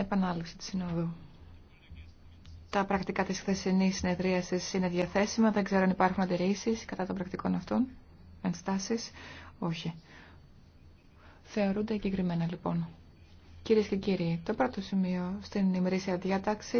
επανάληψη της Συνόδου. Τα πρακτικά της χθεσινής συνεδρίασης είναι διαθέσιμα. Δεν ξέρω αν υπάρχουν αντιρρήσεις κατά των πρακτικών αυτών. Ενστάσεις. Όχι. Θεωρούνται εγκεκριμένα λοιπόν. Κυρίε και κύριοι, το πρώτο σημείο στην ημερήσια διάταξη